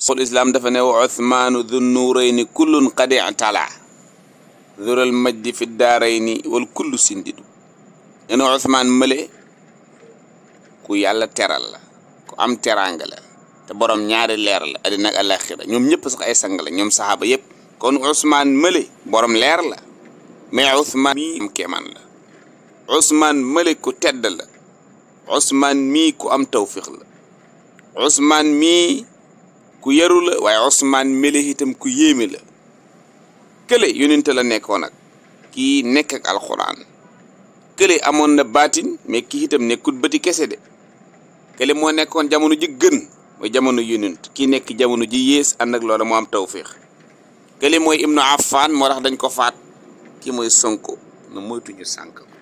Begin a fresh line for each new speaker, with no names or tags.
صل الإسلام دفن عثمان ذو النورين كل قد اعتلى ذر المجد في الدارين والكل سندد إن عثمان ملي كو يالا ترال لا كو أم ترانغ تبرم نياري لير لا أدنا الأخيرة نيوم نيب سخ أي سنغ لا نيوم يب كون عثمان ملي برم لير لا مي عثمان مي مكيمان لا عثمان ملي كو عثمان مي كو توفيق لا عثمان مي ku yaru la waaye Ousmane Mélé itam ku yéeme la kële yonente la nekkoon ak kii nekk ak alxuraan kële amoon na baatin mais kii itam nekkut bëti kese de kële moo nekkoon jamono ji gën mooy jamono yonent kii nekk jamono ji yées ànd ak loola moo am tawfiix kële mooy Ibnu Affan moo tax dañ ko faat ki mooy Sonko na moytuñu sànk